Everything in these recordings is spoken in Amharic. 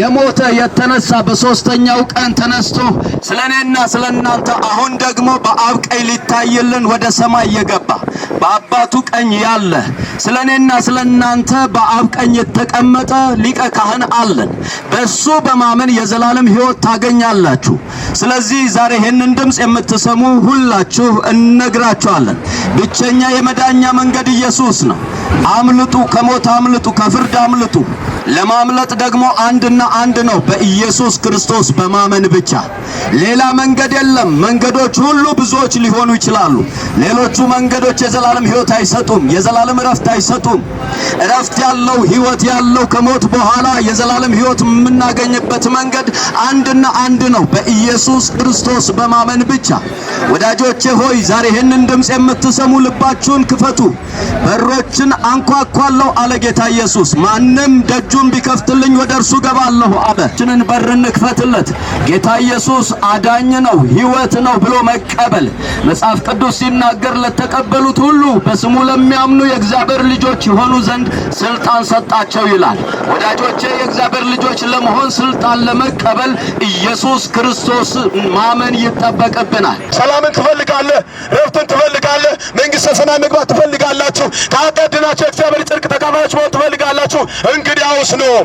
የሞተ የተነሳ በሶስተኛው ቀን ተነስቶ ስለ እኔና ስለ እናንተ አሁን ደግሞ በአብ ቀኝ ሊታይልን ወደ ሰማይ የገባ በአባቱ ቀኝ ያለ ስለ እኔና ስለ እናንተ በአብ ቀኝ የተቀመጠ ሊቀ ካህን አለን። በእሱ በማመን የዘላለም ሕይወት ታገኛላችሁ። ስለዚህ ዛሬ ይህንን ድምፅ የምትሰሙ ሁላችሁ እነግራችኋለን፣ ብቸኛ የመዳኛ መንገድ ኢየሱስ ነው። አምልጡ፣ ከሞት አምልጡ፣ ከፍርድ አምልጡ። ለማምለጥ ደግሞ አንድና አንድ ነው፣ በኢየሱስ ክርስቶስ በማመን ብቻ። ሌላ መንገድ የለም። መንገዶች ሁሉ ብዙዎች ሊሆኑ ይችላሉ። ሌሎቹ መንገዶች የዘላለም ሕይወት አይሰጡም፣ የዘላለም እረፍት አይሰጡም። እረፍት ያለው ሕይወት ያለው ከሞት በኋላ የዘላለም ሕይወት የምናገኝበት መንገድ አንድና አንድ ነው፣ በኢየሱስ በኢየሱስ ክርስቶስ በማመን ብቻ። ወዳጆቼ ሆይ ዛሬ ይህንን ድምፅ የምትሰሙ ልባችሁን ክፈቱ። በሮችን አንኳኳለሁ አለ ጌታ ኢየሱስ። ማንም ደጁን ቢከፍትልኝ ወደ እርሱ ገባለሁ አለ። ችንን በር እንክፈትለት። ጌታ ኢየሱስ አዳኝ ነው፣ ሕይወት ነው ብሎ መቀበል መጽሐፍ ቅዱስ ሲናገር ለተቀበሉት ሁሉ በስሙ ለሚያምኑ የእግዚአብሔር ልጆች የሆኑ ዘንድ ስልጣን ሰጣቸው ይላል። ወዳጆቼ የእግዚአብሔር ልጆች ለመሆን ስልጣን ለመቀበል ኢየሱስ ክርስቶስ ማመን ይጠበቅብናል። ሰላምን ትፈልጋለህ፣ ረፍትን ትፈልጋለህ፣ መንግሥተ ሰማይ መግባት ትፈልጋላችሁ፣ ካቀድናቸው እግዚአብሔር ጽድቅ ተካፋዮች መሆን ትፈልጋላችሁ። እንግዲያውስ ነው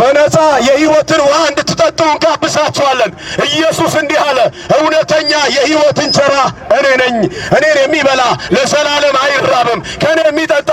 በነፃ የህይወትን ውሃ እንድትጠጡ እንጋብዛችኋለን። ኢየሱስ እንዲህ አለ፣ እውነተኛ የህይወት እንጀራ እኔ ነኝ። እኔን የሚበላ ለዘላለም አይራብም፣ ከእኔ የሚጠጣ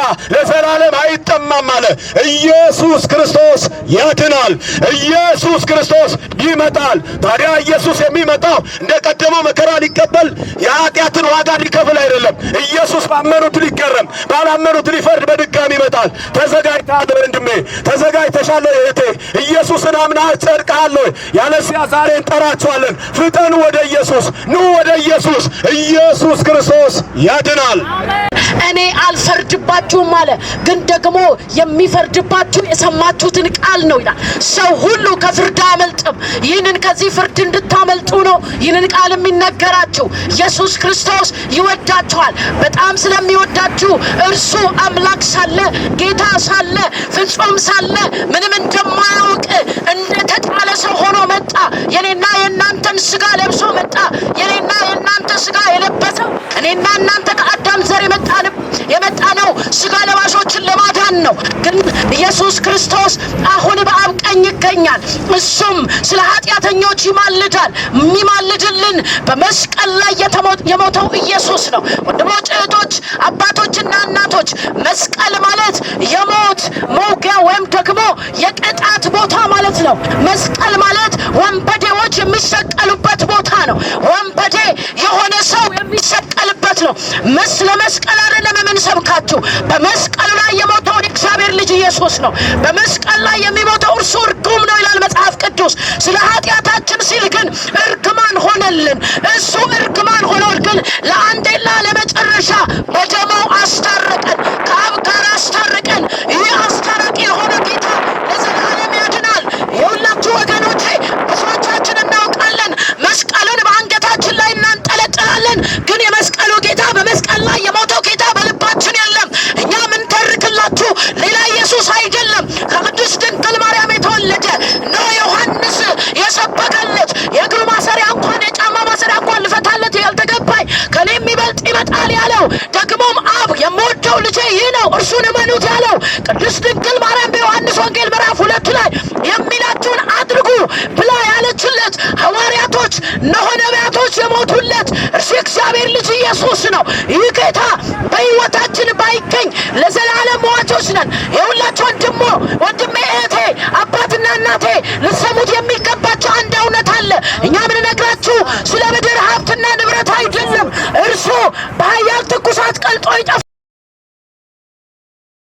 ዘላለም አይጠማም አለ። ኢየሱስ ክርስቶስ ያድናል። ኢየሱስ ክርስቶስ ይመጣል። ታዲያ ኢየሱስ የሚመጣው እንደ ቀደመው መከራ ሊቀበል የኃጢአትን ዋጋ ሊከፍል አይደለም። ኢየሱስ ባመኑት ሊገረም፣ ባላመኑት ሊፈርድ በድጋሚ መ ተዘጋጅተሃል፣ ተዘጋጅተሃል ወንድሜ፣ ተዘጋጅተሻል እህቴ። ኢየሱስን አምናህ ጸድቀሃል። ያለዚያ ዛሬ እንጠራችኋለን። ፍጠኑ ወደ ኢየሱስ፣ ኑ ወደ ኢየሱስ። ኢየሱስ ክርስቶስ ያድናል። እኔ አልፈርድባችሁም አለ፣ ግን ደግሞ የሚፈርድባችሁ የሰማችሁትን ቃል ነው ይላል። ሰው ሁሉ ከፍርድ አመልጥም ይህንን ከዚህ ፍርድ እንድታመልጡ ነው ይህንን ቃል የሚነገራችሁ። ኢየሱስ ክርስቶስ ይወዳችኋል። በጣም ስለሚወዳችሁ እርሱ አምላክ ሳለ ጌታ ሳለ ፍጹም ሳለ ምንም እንደማያውቅ እንደተጣለ ሰው ሆኖ መጣ። የኔና የእናንተን ስጋ ለብሶ መጣ። የኔና የእናንተ ስጋ የለበሰው እኔና እናንተ ከአዳም ዘር የመጣ ነው፣ ስጋ ለባሾችን ለማዳን ነው። ግን ኢየሱስ ክርስቶስ አሁን በአብ ቀኝ ይገኛል። እሱም ስለ ኃጢአተኞች ይማልዳል። የሚማልድልን በመስቀል ላይ የሞተው ኢየሱስ ነው። ወንድሞች፣ እህቶች፣ አባቶችና እናቶች መስቀል ማለት የሞት መውጊያ ወይም ደግሞ የቅጣት ቦታ ማለት ነው። መስቀል ማለት ወንበዴዎች የሚሰቀሉበት ቦታ ነው። ወንበዴ ስለ መስቀል አይደለም የምንሰብካችሁ። በመስቀል ላይ የሞተውን እግዚአብሔር ልጅ ኢየሱስ ነው። በመስቀል ላይ የሚሞተው እርሱ እርጉም ነው ይላል መጽሐፍ ቅዱስ። ስለ ኃጢአታችን ሲል ግን እርግማን ሆነልን። እሱ እርግማን ሆኖ ግን ለአንዴና ለመጨረሻ በደሙ ግን የመስቀሉ ጌታ በመስቀል ላይ የሞተው ጌታ በልባችን የለም። እኛ ምን ተርክላችሁ ሌላ ኢየሱስ አይደለም። ከቅዱስ ድንግል ማርያም የተወለደ ነው ዮሐንስ የሰበከለት። የእግሩ ማሰሪያ እንኳን የጫማ ማሰሪያ እንኳን ልፈታለት ያልተገባኝ ከኔ የሚበልጥ ይመጣል ያለው ደግሞም አብ የምወደው ልጄ ይህ ነው እርሱን እመኑት ያለው ቅዱስ ድንግል ማርያም በዮሐንስ ወንጌል ምዕራፍ ሁለቱ ላይ የሚላችሁን አድርጉ የእግዚአብሔር ልጅ ኢየሱስ ነው። ይህ ጌታ በሕይወታችን ባይገኝ ለዘላለም ሟቾች ነን። የሁላችሁ ወንድሞ ወንድሜ፣ እህቴ፣ አባትና እናቴ ልሰሙት የሚገባቸው አንድ እውነት አለ። እኛ ምንነግራችሁ ስለ ምድር ሀብትና ንብረት አይደለም። እርሱ በኃያል ትኩሳት ቀልጦ ይጠፋል።